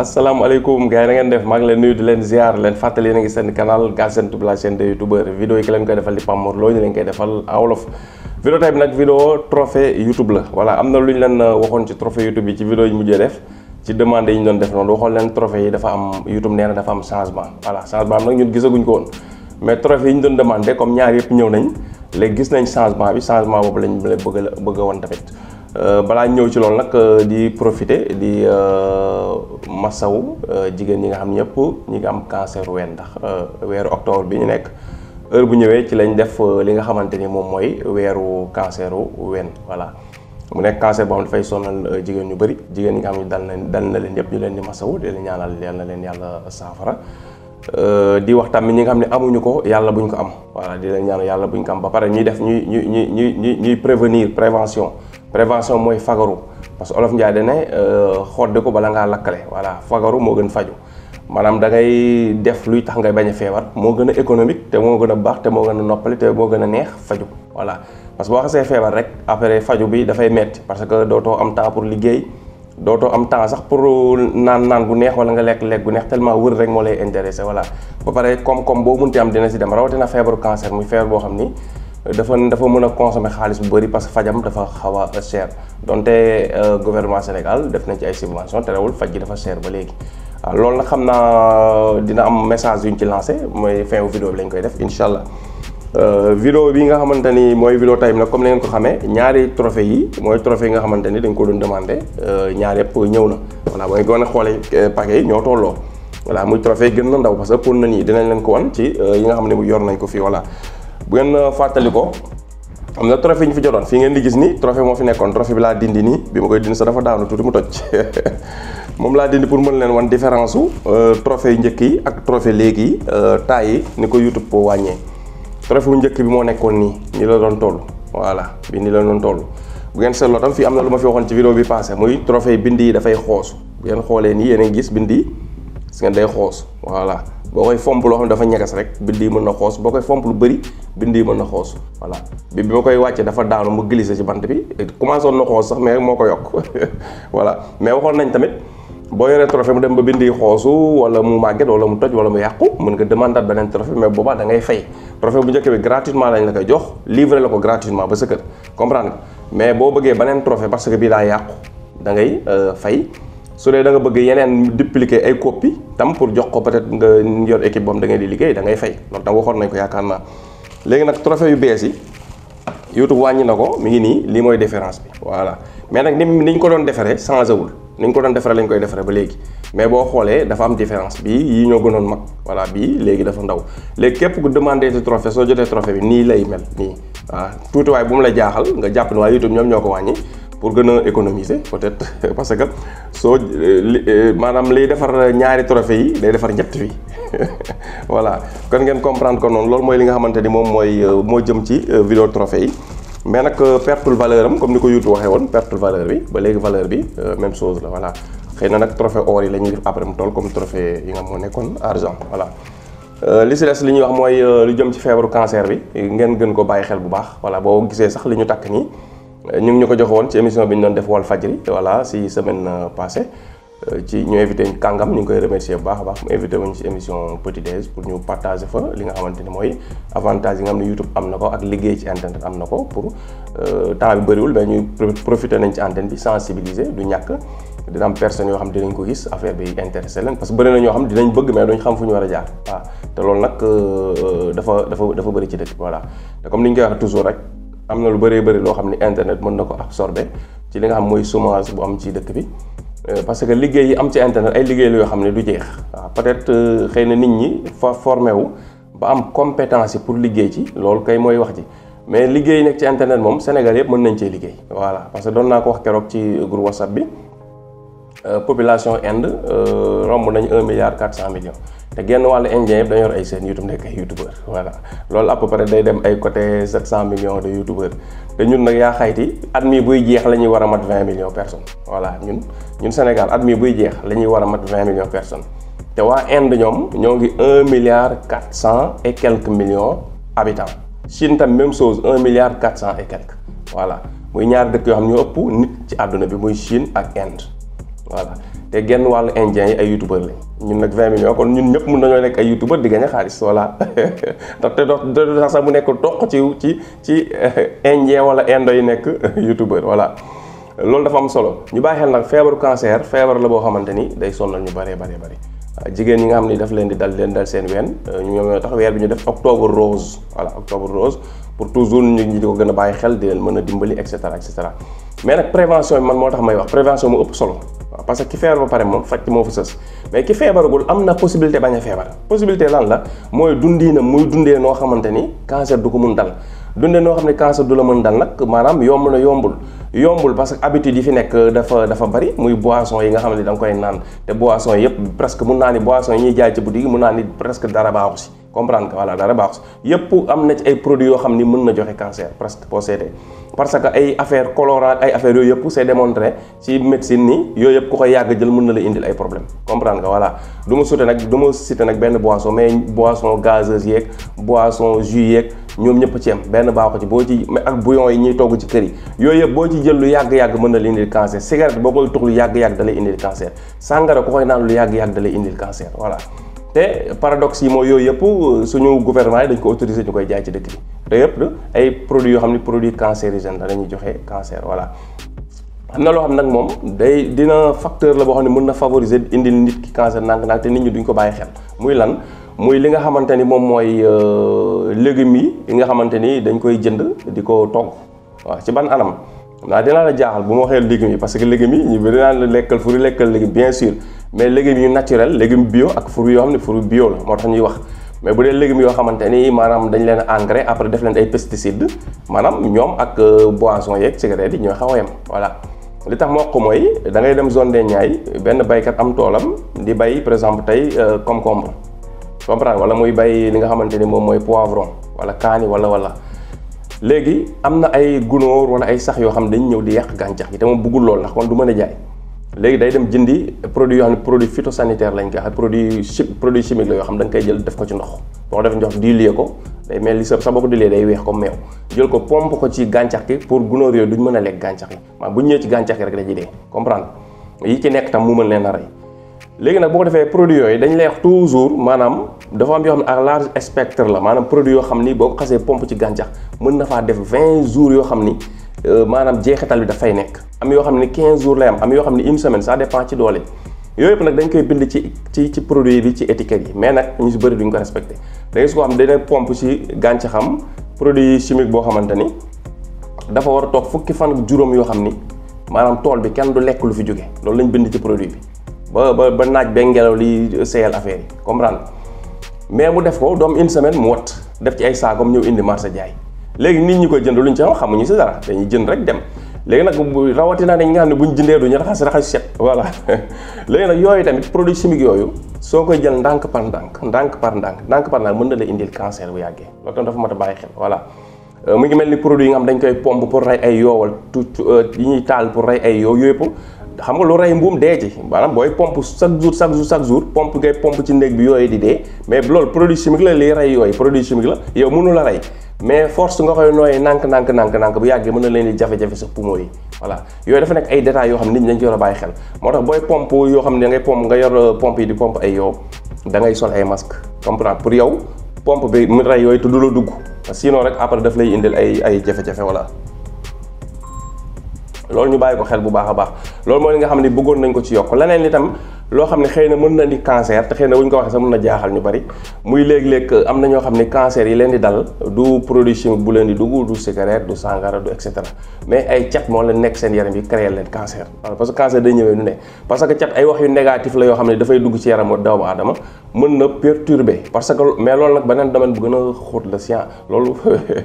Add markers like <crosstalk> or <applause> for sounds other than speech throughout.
asalaamaaleykum gars yi na def maa ngi leen nuyu di leen ziar leen fàttali yéen a ngi seen canal Galsen Tube la chaîne de youtubeur vidéo yi ki leen koy defal di Pape Mor Lo ñu leen koy defal awolof vidéo tey bi nag vidéo trophée am na lu ñu leen euh, waxoon ci trophée youtube yi ci vidéo yi mujjee def ci demande yi ñu doon def noonu leen trophée yi dafa am youtube nee na dafa am changement voilà changement am nag ñun gisaguñ ko woon mais trophée yi ñu doon demande comme ñaar yëpp ñëw nañ léegi gis nañ changement bi changement boobu lañ bëgg a bëgg woon tamit Euh, balaa ñëw ci loolu nag euh, di profiter di euh, masawu jigéen ñi nga xam ñëpp ñi ngi am cancer ween ndax weeru octobre bi ñu nekk heure bu ñëwee ci lañ def li nga xamante ni moom mooy weeru canceru ween voilà mu nekk cancer boo xam dafay sonal jigéen ñu bari jigéen ñi nga xam ne dal na dal leen yëpp ñu leen di masawu di leen ñaanal yal na leen yàlla saafara di wax tamit ñi nga xam ne amuñu ko yàlla buñ ko am voilà di leen ñaanal yàlla buñ ko am ba pare ñuy def ñuy ñuy ñuy ñuy ñuy prévenir prévention prévention mooy fagaru parce que olof Njaay da ne euh, xoddi ko bala ngaa lakkale voilà fagaru moo gën faju maanaam dangay ngay def luy tax nga bañ feebar moo gën a économique te moo gën a baax te moo gën a noppali te gën a neex faju voilà parce que boo xasee feebar rek après faju bi dafay metti parce que dootoo am temps pour liggéey dootoo am temps pour naan naan gu neex wala nga lekk lekk gu neex tellement wër rek moo lay intéressé voilà ba pare koom-koom boo munti am dina si dem rawatina feebaru cancer muy feebar boo xam ni dafa dafa mën a consommer xaalis bu bëri parce que fajam dafa xaw a cher donte euh, gouvernement Sénégal def nañ ci ay subvention terewul faj gi dafa cher ba léegi waaw ah, loolu nag xam naa euh, dina am message yu ci lancé mooy fin wu vidéo bi lañ koy def incha allah euh, vidéo bi nga xamante ni mooy vidéo time na comme ni ngeen ko xamee ñaari trophée yi mooy trophée yi nga xamante ni dañ ko doon demande ñaar yëpp ñëw na voilà booy gone xoolee paquet yi ñoo tolloo voilà muy trophée gën na ndaw parce que na nii dinañ leen ko wan nga xam ne mu yor nañ ko fii voilà bu ngeen euh, fàttali ko am na trophée ñu fi jotoon fii ngeen di gis ni trophée moo fi nekkoon trophée bi laa dindi nii bi ma koy dindi sax dafa daanu tuuti mu toj <laughs> moom laa dindi pour mën leen wan différence su euh, trophée njëkk yi ak trophée léegi yi euh, taay yi ni ko YouTube boo wàññee trophée wu njëkk bi moo nekkoon nii nii la doon toll waala bi nii la doon toll bu ngeen loo tam fii am na lu ma fi waxoon ci vidéo bi passé muy trophée bind yi dafay xoos bu ngeen xoolee nii yéen a gis bind yi gis ngeen xoos voilà boo koy fomp loo xam ne dafa ñagas rek bind yi mën na xoos boo koy fomp lu bëri bind yi mën na xoos voilà bi bi koy wàccee dafa daanu mu glissé ci bant bi commencé woon na xoos sax mais moo ko yokk <laughs> voilà mais waxoon nañ tamit boo yoree trophée mu dem ba bind yi xoosu wala mu magget wala mu toj wala mu yàqu mën nga demandaat beneen trophée mais boobaa da ngay fay trophée bu njëkk bi gratuitement lañ la koy jox livré la ko gratuitement ba sa kër comprendre nga mais boo bëggee beneen trophée parce yàqu da ngay euh, fay su dee da nga bëgg yeneen dupliquer ay copie tam pour jox ko peut-être nga yor équipe boobu da ngay di liggéey da ngay fay loolu tam waxoon nañ ko yaakaar naa léegi nag trophée yu bees yi YouTube wàññi na ko mu ngi nii lii mooy différence bi voilà mais nag ni ni ñu ko doon defaree changé wul ni ñu ko doon defaree lañ koy defaree ba léegi mais boo xoolee dafa am différence bii yi ñoo gënoon mag voilà bi léegi dafa ndaw léegi képp ku demandé ci trophée soo jotee trophée bi nii lay mel nii waaw tuutiwaay bu la jaaxal nga jàpp ne waa YouTube ñoom ñoo ko wàññi pour gën a économiser peut-être <laughs> parce que soo eh, maanaam liy defar ñaari trophée yi day defar ñett bi <laughs> voilà kon ngeen comprendre ko noonu loolu mooy li nga xamante ni moom mooy euh, moo jëm ci euh, vidéo trophée yi mais nag euh, pertu valeur am comme ni ko YouTube waxee woon pertul valeur bi ba léegi valeur bi même chose la voilà xëy na nag trophée or yi la ñuy après mu toll comme trophée yi nga moo nekkoon argent voilà li si des li ñuy wax mooy lu jëm ci feebaru cancer bi ngeen gën ko bàyyi xel bu baax voilà boo gisee sax li ñu takk nii ñu ngi ñu ko jox woon ci émission bi ñu doon def wal fajri voilà si semaine euh, passée euh, ci ñu invité kàngam ñu ngi koy remercier bu baax a baax mu invité wuñ ci émission Petit Déj pour ñu partager fa li nga xamante ni mooy avantage yi nga xam ne YouTube am na ko ak liggéey ci internet am na ko pour euh, temps bi bëriwul mais ñuy profité nañ ci antenne bi sensibiliser du ñàkk dina am personne yoo xam dinañ ko gis affaire bi intéressé leen parce que bëri na ñoo xam dinañ bëgg mais duñ xam fu a te loolu nag dafa dafa dafa bëri ci dëkk voilà te comme ni ñu koy wax toujours am na lu baree bëri loo xam ni internet mën na ko absorber ci li nga xam mooy chômage bu am ci dëkk bi euh, parce que liggéey yi am ci internet ay liggéey la yoo xam ne du jeex waaw peut-être euh, xëy na nit ñi fa formé wu ba am compétence yi pour liggéey ci loolu kay mooy wax ji mais liggéey nekk ci internet moom Sénégal yëpp mën nañ cee liggéey voilà parce que doon naa ko wax keroog ci groupe WhatsApp bi Euh, population Inde euh, romb nañu un milliard quatre cent millions te genn wàllu indien yëpp dañoo yor ay seen YouTube nekk ay youtubeur voilà loolu à peu day dem ay côté sept cent millions de youtubeur te ñun nag yaa xayti at mi buy jeex la ñuy war a mat vingt millions personnes voilà ñun ñun Sénégal at mi buy jeex lañuy war a mat vingt millions personnes te waa Inde ñoom ñoo ngi un milliard quatre cent et quelques millions habitants Chine tam même chose un milliard quatre cent et quelques voilà muy dëkk yoo xam ñu ëpp ci àdduna bi muy Chine ak Inde. voilà te genn wàll indien yi ay youtubeur lañ ñun nag 20 millions kon ñun ñëpp mun nañoo nekk ay youtubeur di gañ xaalis voilà <laughs> ndax te dox dox sax mu nekk toq ci ci ci <laughs> indien wala indo yi nekk <laughs> youtubeur voilà. loolu dafa am solo ñu bàyyi xel nag feebaru cancer feebar la boo xamante ni day sonal ñu bëree bëri bëri ah, jigéen ñi nga xam ni daf leen di dal leen dal seen ween ñu euh, ñoom ñoo tax weer bi ñu def octobre rose voilà octobre rose. pour toujours ñu ñi di ko gën a bàyyi xel di leen mën a dimbali et cetera et cetera mais nag prévention bi man moo tax may wax prévention mu ëpp solo parce que ki feebar ba pare moom faj moo fa sës mais ki feebaragul am na possibilité bañ a feebar possibilité lan la mooy na muy dundee noo xamante ni cancer du ko mun dal dundee noo xam ne cancer du la mën dal nag maanaam yomb na yombul yombul parce que habitude yi fi nekk dafa dafa bari muy boisson yi nga xam ne da nga koy naan te boisson yëpp presque mun naa ni boisson yi ñuy jaay ci boutique mun naa ni comprendre que voilà dara baax yëpp am na ci ay produits yoo xam ni mën na joxe cancer presque boo seetee parce que ay affaire colorant ay affaires yooyu yëpp c'est démontré ci médecine ni yooyu yëpp ku ko yàgg jël mën na la indil ay problème comprendre nga voilà du ma sute nag du ma cité nag benn boisson mais boisson gazeuse yeeg boisson jus yeeg ñoom ñëpp ci benn baaxu ci boo ci ak bouillon yi ñuy togg ci kër yi yooyu yëpp boo ci jël lu yàgg-yàgg mën na la indil cancer cigarette yàgg-yàgg da lay indil cancer sàngara ku koy naan lu da lay indil cancer voilà te paradoxe yi mooy yooyu yëpp suñu gouvernement yi dañ ko autorisé ñu koy jaay ci dëkk yi te yëpp ay produits yoo xam ne produit cancérigène la dañuy joxe cancer voilà am na loo xam nag moom day dina facteur la boo xam ne mën na favoriser indil nit ki cancer nànk-nànk te nit ñi duñ ko bàyyi xel muy lan muy li nga xamante ni moom mooy euh, légumes yi yi nga xamante ni dañ koy jënd di ko togg waaw ci ban anam naa dinaa la jaaxal bu ma waxee légumes yi parce que légumes yi ñu bëri lekkal furi lekkal légumes bien sûr mais légumes yu naturel légume bio ak fruits yoo xam ne fruits bio la moo tax ñuy wax mais bu dee légumes yoo xamante ni maanaam dañ leen engrais après def leen ay pesticides maanaam ñoom ak euh, boisson yeeg cigarette yi ñooy xaw a voilà. li tax moo ko mooy da dem zone des ñaay benn baykat am toolam di bay par exemple tey euh, concombre comprendre wala muy bay li nga xamante ni moom mooy poivron wala kaani wala wala. léegi am na ay gunóor wala ay sax yoo xam dañ ñëw di yàq gàncax gi te moom bëggul lool du mën a jaay. léegi day dem jëndi produit yoo xam ne produit phytosanitaire lañ koy waxee yoo xam da koy jël def ko ci ndox boo ko def ndox diluer ko day mel li sa sa boo ko diluer day ko meew ko pompe ko ci gàncax gi pour gunóor yooyu duñ mën a lekk gàncax gi maanaam bu ñu ñëwee gàncax gi rek dañuy dee comprendre yi ci nekk tam mu mën leen a rey nag boo defee produit yooyu dañ lay wax toujours maanaam dafa am yoo xam ne à maanaam produit yoo xam ni boo ko xasee pompe ci gàncax mën na faa def 20 jours yoo xam ni Euh, maanaam jeexital bi dafay nekk am yoo xam ne quinze jours am yoo xam ne une semaine ça dépend ci doole yooyu yëpp nag dañ koy bind ci ci ci produit bi ci étiquette yi mais nag ñu si bëri duñ ko respecté da ngay su ko xam dana pompe si gàncaxam produit chimique boo xamante ni dafa war a toog fukki fan ak juróom yoo xam ni maanaam tool bi kenn du lekk lu fi jóge loolu lañ bind ci produit bi ba ba ba naaj ba ngelaw li seeyal affaire yi comprendre mais mu def ko doom une semaine mu wat def ci ay saakoom ñëw indi marché jaay. léegi nit ñi koy jënd luñ ci wax xamuñu si dara dañuy jënd rek dem léegi nag bu rawatina dañ nga xam ne buñ jëndee duñu raxas raxas set <laughs> voilà léegi nag yooyu tamit produit chimique yooyu soo koy jël ndànk par ndànk ndànk par ndànk ndànk par ndànk mën na la indil cancer bu yàggee loolu dafa mat a bàyyi xel voilà euh, mu ngi mel ni produit yi nga xam koy pompe pour rey ay yoowal tout euh, yi ñuy taal pour ay yoo yëpp xam nga lu rey mbuum dee ci maanaam booy pompe chaque jour chaque jour chaque jour pompe ngay pompe ci néeg bi yooyu di dee mais loolu produit mais force nga koy nooyee nànk nànk nànk nànk bu yàggee mën na leen di jafe-jafe sax poumon yi voilà yooyu dafa nekk ay détails yoo xam nit ñi dañ ci war a bàyyi xel moo tax booy pompe yoo xam ne da ngay pompe nga yor euh, pompe yi di pompe ay yow da sol ay masque comprendre pour yow pompe bi mu rey yooyu te du la dugg sinon rek après daf lay indil ay ay jafe-jafe voilà loolu ñu bàyyi ko xel bu baax a baax loolu mooy li nga xam ne bëggoon nañ ko ci yokk leneen itam loo xam ne xëy na mën na di cancer te xëy na bu ñu ko waxee sax mën na jaaxal ñu bari muy léeg-léeg am na ñoo xam ne cancer yi leen di dal du produit chimique bu leen di dugg du cigarette du sangara du et mais ay cat moo leen nekk seen yaram yi créé leen cancer parce que cancer day ñëwee nu ne parce que cat ay wax yu négatif la yoo xam ne dafay dugg ci yaramu doomu aadama mën na perturber parce que mais loolu nag beneen domaine bu gën a xóot la science loolu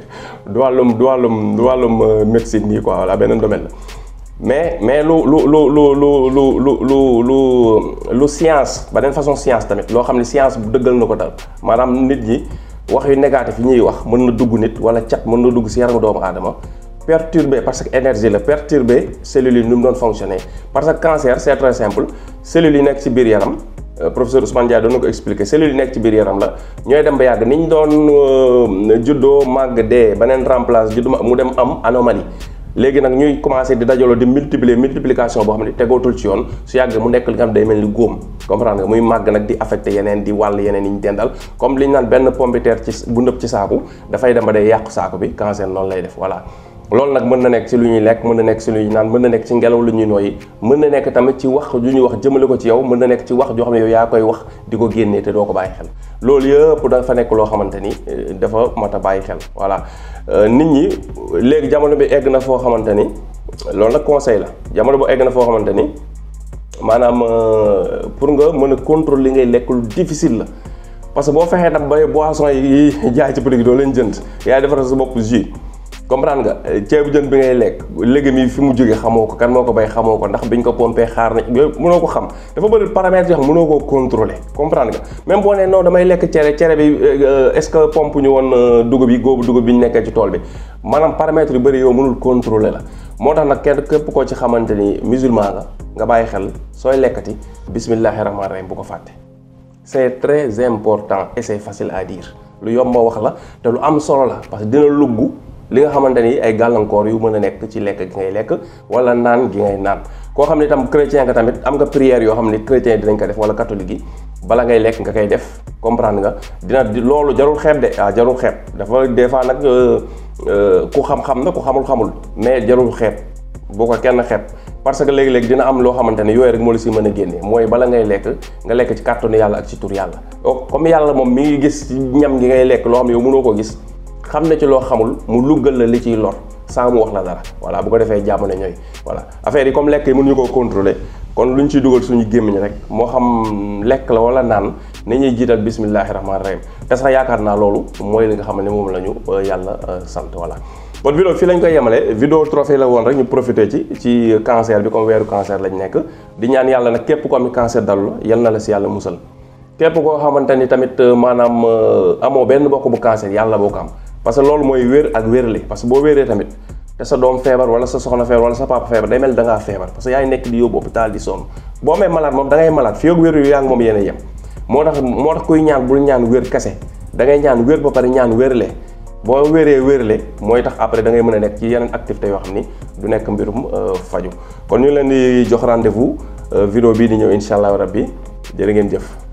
<laughs> du wàllum du wàllum du wàllum euh, médecine nii quoi walla beneen domaine la mais mais lu lu lu lu lu lu lu lu lu science beneen façon science tamit loo xam ne science bu dëggal na ko dal maanaam nit ñi wax yu négatif yi ñuy wax mën na dugg nit wala cat mën na dugg si yaramu doomu aadama perturbé parce que énergie la perturbé cellules yi nu mu doon fonctionner parce que cancer c'est très simple cellules yi nekk ci biir yaram euh, professeur Ousmane Dia doon na ko expliquer cellules yi nekk ci biir yaram la ñooy dem ba yàgg ni ñu doon euh, juddoo màgg dee beneen remplace juddu mu dem am anomalie. léegi nag ñuy commencé di dajaloo di multiplier multiplication boo xam ne tegootul ci yoon su yàgg mu nekk li nga xam day mel ni góom comprendre nga muy màgg nag di affecté yeneen di wàll yeneen yi ñu dendal comme li ñu naan benn pomme ci bu nëb ci saaku dafay dem ba day yàqu saaku bi cancer noonu lay def voilà loolu nag mën na nekk ci lu ñuy lekk mën na nekk ci lu ñuy naan mën na nekk ci ngelaw lu ñuy nooyi mën na nekk tamit ci wax ju ñuy wax jëmale ko ci yow mën na nekk ci wax joo xam ne yow yaa koy wax di ko génnee te doo ko bàyyi xel loolu yëpp dafa nekk loo xamante ni eh, dafa mat a bàyyi xel voilà euh, nit ñi léegi jamono bi egg na foo xamante ni loolu nag conseil la jamono bu egg na foo xamante ni maanaam euh, pour nga mën a contrôler li ngay lekk lu difficile la parce que boo fexee nag ba boisson yi <laughs> jaay ci prix bi doo leen jënd yaay defaral sa bopp jus comprendre nga ceebu jën bi ngay lekk légumes yi fi mu jóge xamoo ko kan moo ko bay xamoo ko ndax biñ ko pompé xaar na yooyu mënoo ko xam dafa bëri paramètres yoo xam mënoo koo contrôler comprendre nga même boo nee non damay lekk cere cere bi euh, euh, est-ce que pompe ñu woon euh, dugub yi góobu dugub bi ñu nekkee ci tool bi maanaam paramètres yu bëri yow mënul contrôler la moo tax nag kenn képp koo ci xamante ni musulman la nga bàyyi xel sooy lekkati bismillahi rahmaani rahim bu ko fàtte c'est très important et c'est facile à dire lu yomb wax la lu am solo la li nga xamante ni ay gàllankoor yu mën a nekk ci lekk gi ngay lekk wala naan gi ngay naan koo xam ne itam chrétien nga tamit am nga prière yoo xam ne chrétien dinañ ko def wala catholique yi bala ngay lekk nga koy def comprendre nga dina loolu jarul xeeb de ah jarul xeeb dafa des fois nag euh, euh, ku xam-xam na ku xamul xamul mais jarul xeeb boo ko kenn xeeb parce que léegi-léegi dina am loo xamante ne yooyu rek moo la si mën a génnee mooy bala ngay lekk nga lekk ci kàttanu yàlla ak ci tur yàlla oh, comme yàlla moom mi ngi gis ñam gi ngay lekk loo xam ne yow mënoo ko gis xam na ci loo xamul mu luggal la li ciy lor saa mu wax la dara voilà bu ko defee jàmm ñooy voilà affaire yi comme lekk yi mënuñu koo contrôler kon lu ñu ciy dugal suñu gémmiñ rek moo xam lekk la wala naan ni ñuy jiital bismillahi rahmaani rahim te sax yaakaar naa loolu mooy li nga xam ne moom la ñu euh, yàlla euh, sant voilà. bon vidéo fii lañ koy yemale vidéo trophée la woon rek ñu profité ci ci cancer bi comme weeru cancer lañ nekk di ñaan yàlla nag képp ko am cancer dalu la yal si yàlla musal képp koo xamante ni tamit euh, maanaam amoo benn bokk bu cancer yàlla boo ko am. parce que loolu mooy wér ak wérle parce que boo wéree tamit te sa doom feebar wala sa soxna feebar wala sa papa feebar day mel da ngaa feebar parce que yaay nekk di yóbbu hôpital di sonn boo amee malade moom da ngay malade fii ak yaa ngi moom yéen a yem moo tax moo tax kuy ñaan bul ñaan wér kese da ngay ñaan wér ba pare ñaan wérle boo wérle mooy tax après da ngay mën a nekk ci yeneen activité yoo xam ni du nekk mbirum euh, faju kon ñu leen di jox rendez-vous euh, vidéo bii di ñëw incha allah rabbi jërë ngeen jëf